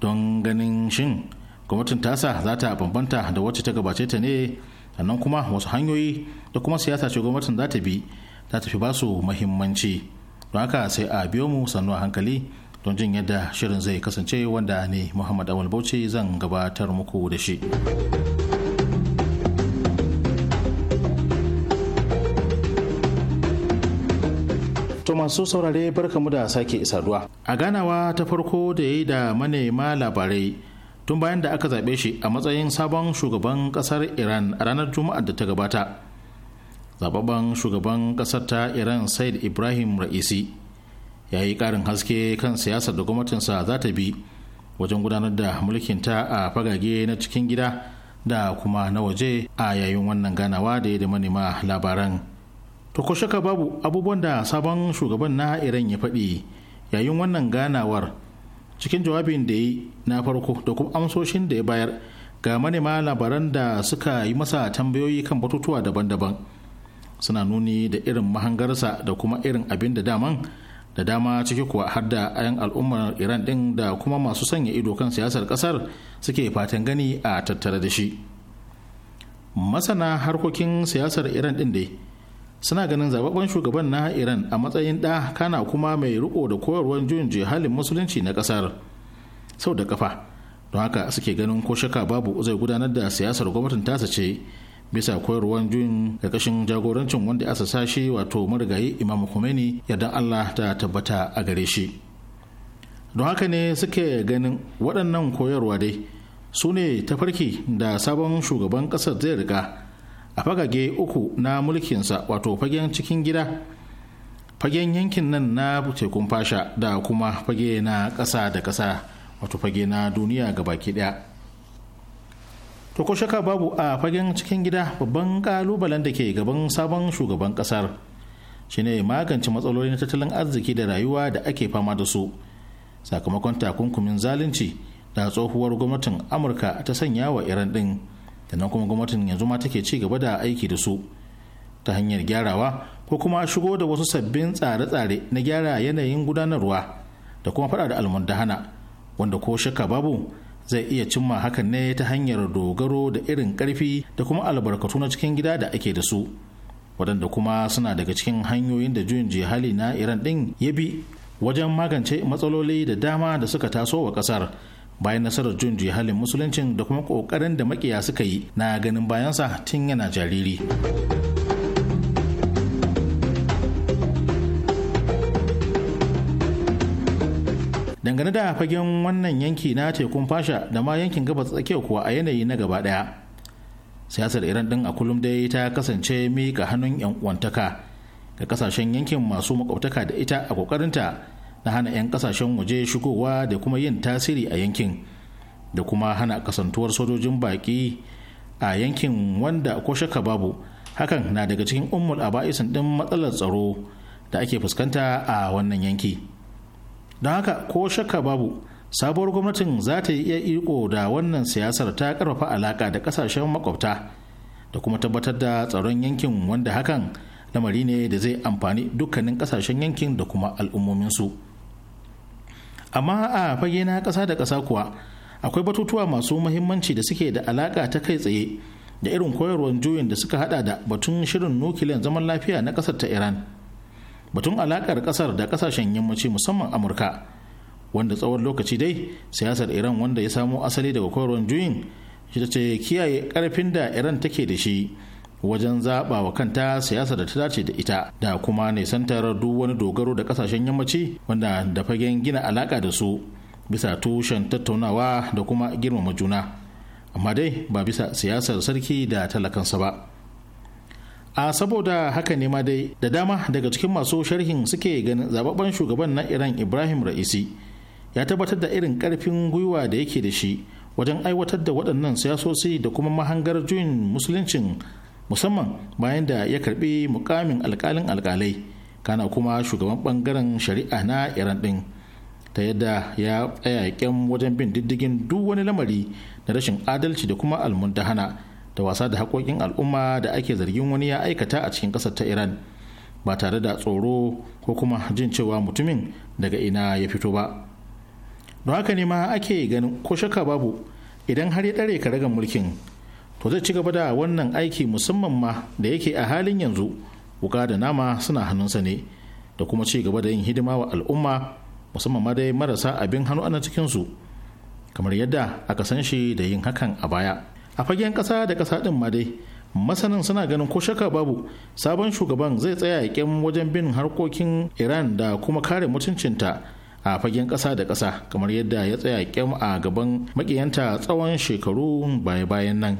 don ganin shin gwamnatin tasa za ta bambanta da wacce ta gabace ta ne sannan kuma wasu hanyoyi da kuma siyasa ce gwamnatin za ta bi za ta fi ba su muhimmanci don haka sai a biyo mu sannu a hankali don jin yadda shirin zai kasance wanda ne muhammad awal bauchi zan gabatar muku da shi. To masu saurare mu da sake saduwa. A ganawa ta farko da ya yi da manema labarai tun bayan da aka zaɓe shi a matsayin sabon shugaban ƙasar Iran a ranar Juma'ar da ta gabata. Zababban shugaban ƙasar ta Iran Said Ibrahim Ra'isi ya yi ƙarin haske kan siyasar da gwamnatinsa za ta bi wajen gudanar da mulkin ta a fagage na cikin gida da kuma na waje a yayin wannan ganawa da ya da manema labaran. to ko shaka babu abubuwan da sabon shugaban na iran ya faɗi yayin wannan ganawar cikin jawabin da yi na farko da kuma amsoshin da ya bayar ga manema labaran da suka yi masa tambayoyi kan batutuwa daban-daban suna nuni da irin mahangarsa da kuma irin abin da daman da dama ciki kuwa har da ayan al'ummar iran din da kuma masu sanya ido kan siyasar kasar suke fatan gani a tattare da shi masana harkokin siyasar iran din dai suna ganin zababben shugaban na iran a matsayin ɗa kana kuma mai riko da koyarwar juyin halin musulunci na ƙasar sau da kafa don haka suke ganin ko shaka babu zai gudanar da siyasar gwamnatin tasa ce bisa koyarwar juyin ƙarƙashin jagorancin wanda asa sashi wato marigayi imam khomeini yardan allah ta tabbata a gare shi don haka ne suke ganin waɗannan koyarwa dai su ne tafarki da sabon shugaban ƙasar zai riga a fagage uku na mulkinsa wato fagen cikin gida fagen yankin nan na tekun fasha da kuma fage na ƙasa da ƙasa wato fage na duniya ga baki ɗaya to ko shaka babu a fagen cikin gida babban ƙalubalen da ke gaban sabon shugaban ƙasar shine magance matsalolin tattalin arziki da rayuwa da ake fama da su sakamakon takunkumin zalunci da tsohuwar gwamnatin amurka ta sanya wa iran ɗin da nan kuma gwamnatin yanzu ma take ci gaba da aiki da su ta hanyar gyarawa ko kuma shigo da wasu sabbin tsare-tsare na gyara yanayin gudanarwa da kuma fada da almundahana wanda ko shakka babu zai iya cimma hakan ne ta hanyar dogaro da irin karfi da kuma albarkatu na cikin gida da ake da su waɗanda kuma suna daga cikin hanyoyin da juyin jihali na iran ɗin ya bi wajen magance matsaloli da dama da suka taso wa ƙasar bayan nasarar jun halin musuluncin da kuma kokarin da makiya suka yi na ganin bayansa tun yana jariri dangane da fagen wannan yanki na tekun fasha da ma yankin gabas tsakiya kuwa a yanayi na gaba daya siyasar iran din a kullum dai ta kasance mika hannun yan uwantaka ga kasashen yankin masu makwabtaka da ita a kokarinta na hana 'yan kasashen waje shigowa da kuma yin tasiri a yankin da kuma hana kasantuwar sojojin baki a yankin wanda ko shaka babu hakan na daga cikin ummul aba'isin din matsalar tsaro da ake fuskanta a wannan yanki don haka ko shakka babu sabuwar gwamnatin za ta iya iko da wannan siyasar ta karfafa alaka da kasashen makwabta da kuma tabbatar da tsaron yankin wanda hakan lamari ne da zai amfani dukkanin kasashen yankin da kuma al'ummominsu. su amma a fage na ƙasa da ƙasa kuwa akwai batutuwa masu mahimmanci da suke da alaƙa ta kai tsaye da irin koyarwar juyin da suka hada da batun shirin nukiliyar zaman lafiya na ƙasar ta iran batun alaƙar ƙasar da ƙasashen yammaci musamman amurka wanda tsawon lokaci dai siyasar iran wanda ya samo asali daga koyarwar juyin shi ta ce kiyaye ƙarfin da iran take da shi wajen zaɓa wa kanta siyasa da ta dace da ita da kuma nisantar duk wani dogaro da kasashen yammaci wanda da fagen gina alaƙa da su bisa tushen tattaunawa da kuma girmama juna amma dai ba bisa siyasar sarki da talakansa ba a saboda haka ne ma dai da dama daga cikin masu sharhin suke ganin zababben shugaban na iran ibrahim ra'isi ya tabbatar da irin karfin gwiwa da yake da shi wajen aiwatar da waɗannan siyasosi da kuma mahangar juyin musuluncin musamman bayan da ya karbi mukamin alkalin alkalai kana kuma shugaban bangaren shari'a na iran din ta yadda ya tsaya kyan wajen bin diddigin duk wani lamari na rashin adalci da kuma almundahana da wasa da haƙoƙin al'umma da ake zargin wani ya aikata a cikin ƙasar ta iran ba tare da tsoro ko kuma jin cewa mutumin daga ina ya fito ba don haka ne ma ake ganin ko shaka babu idan har ya ka ragan mulkin to zai ci gaba da wannan aiki musamman ma da yake a halin yanzu wuka da nama suna hannunsa ne da kuma ci gaba da yin hidima wa al'umma musamman ma dai marasa abin hannu ana cikinsu kamar yadda aka san shi da yin hakan a baya a fagen ƙasa da ƙasa ɗin ma dai masanin suna ganin ko shaka babu sabon shugaban zai tsaya kyam wajen bin harkokin iran da kuma kare mutuncinta a fagen ƙasa da ƙasa kamar yadda ya tsaya kyam a gaban makiyanta tsawon shekaru baya-bayan nan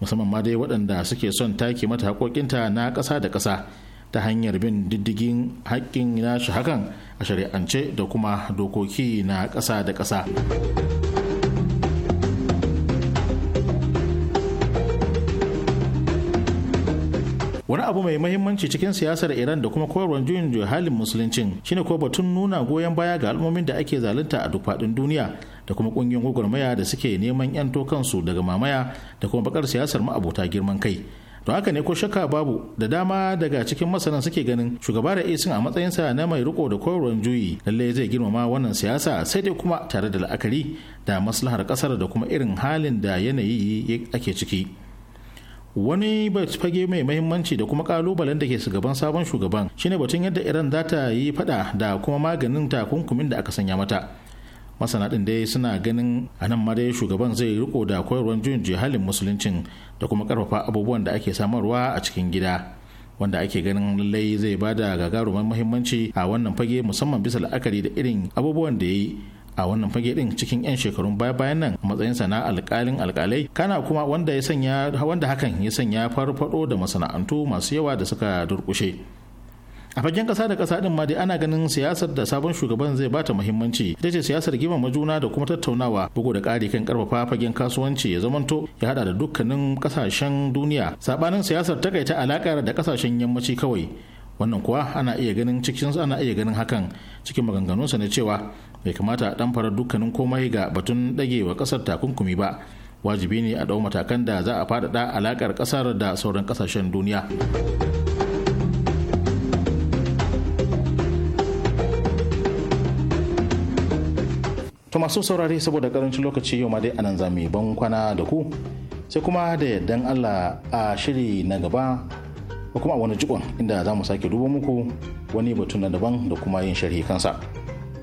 musamman ma dai waɗanda suke son take mata haƙoƙinta na ƙasa da ƙasa ta hanyar bin diddigin haƙƙin nashi hakan a shari'ance da kuma dokoki na ƙasa da ƙasa. wani abu mai mahimmanci cikin siyasar iran da kuma koyarwar juyin juya halin musuluncin shine ko batun nuna goyon baya ga al'ummomin da ake zalunta a duk faɗin duniya da kuma kungiyoyin gwagwarmaya da suke neman 'yanto kansu daga mamaya da kuma bakar siyasar ma'abota girman kai don haka ne ko shakka babu da dama daga cikin masanan suke ganin shugaba da isin a matsayinsa na mai riko da koyarwar juyi lalle zai girmama wannan siyasa sai dai kuma tare da la'akari da maslahar kasar da kuma irin halin da yanayi ake ciki wani fage mai mahimmanci da kuma kalubalen da ke gaban sabon shugaban shine batun yadda iran za ta yi fada da kuma maganin takunkumin da aka sanya mata masana ɗin dai suna ganin a nan ma dai shugaban zai riko da koyarwar juyin halin musuluncin da kuma karfafa abubuwan da ake samarwa a cikin gida wanda ake ganin lallai zai ba da gagarumin muhimmanci a wannan fage musamman bisa la'akari da irin abubuwan da ya yi a wannan fage din cikin 'yan shekarun baya bayan nan a matsayinsa na alkalin alkalai kana kuma wanda wanda hakan ya sanya farfado da masana'antu masu yawa da suka durƙushe. a fagen kasa da kasa din ma dai ana ganin siyasar da sabon shugaban zai bata muhimmanci ita ce siyasar girmama juna da kuma tattaunawa bugu da ƙari kan karfafa fagen kasuwanci ya zamanto ya hada da dukkanin kasashen duniya sabanin siyasar ta takaita alakar da kasashen yammaci kawai wannan kuwa ana iya ganin cikin ana iya ganin hakan cikin maganganunsa na cewa bai kamata a dan farar dukkanin komai ga batun dage wa kasar takunkumi ba wajibi ne a dau matakan da za a faɗaɗa alakar kasar da sauran kasashen duniya. to masu saurari saboda karancin lokaci yau ma dai anan za mu yi ban kwana da ku sai kuma da yardan allah a shiri na gaba ko kuma a wani jikon inda za mu sake duba muku wani batu na daban da kuma yin sharhi kansa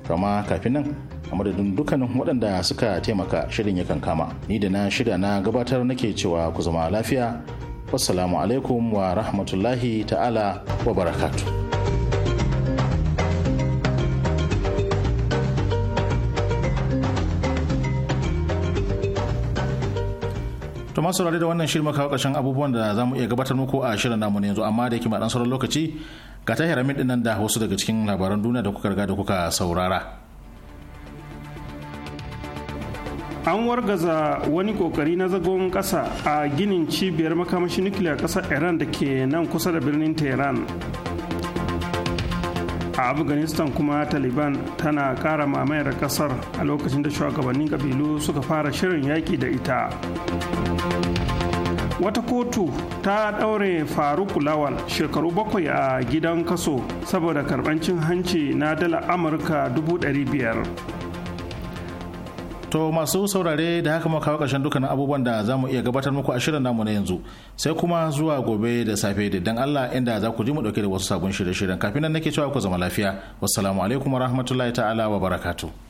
kama kafin nan a madadin dukkanin waɗanda suka taimaka shirin ya kama ni da na shirya na gabatar nake cewa ku zama lafiya wassalamu alaikum wa rahmatullahi ta'ala wa barakatu. to masu saurare da wannan shirin kawo ƙarshen abubuwan da za mu iya gabatar muku a shirin namu yanzu amma da yake ma dan sauran lokaci ga ta hiramin dinnan da wasu daga cikin labaran duniya da kuka riga da kuka saurara
an wargaza wani kokari na zagon kasa a ginin cibiyar makamashin nukiliya kasar iran da ke nan kusa da birnin tehran a afghanistan kuma taliban tana kara mamayar kasar a lokacin da shugabannin kabilu suka fara shirin yaƙi da ita wata kotu ta ɗaure faruk lawal shekaru bakwai a gidan kaso saboda karɓancin hanci na dala amurka
500 To masu saurare da haka muka kawo ƙarshen dukkanin abubuwan da za mu iya gabatar muku a shirin namu na yanzu sai kuma zuwa gobe da safe da dan Allah inda za ku ji mu dauke da wasu sabon shirye-shiryen kafin nan nake cewa ku zama lafiya wassalamu alaikum warahmatullahi ta'ala wa barakatuh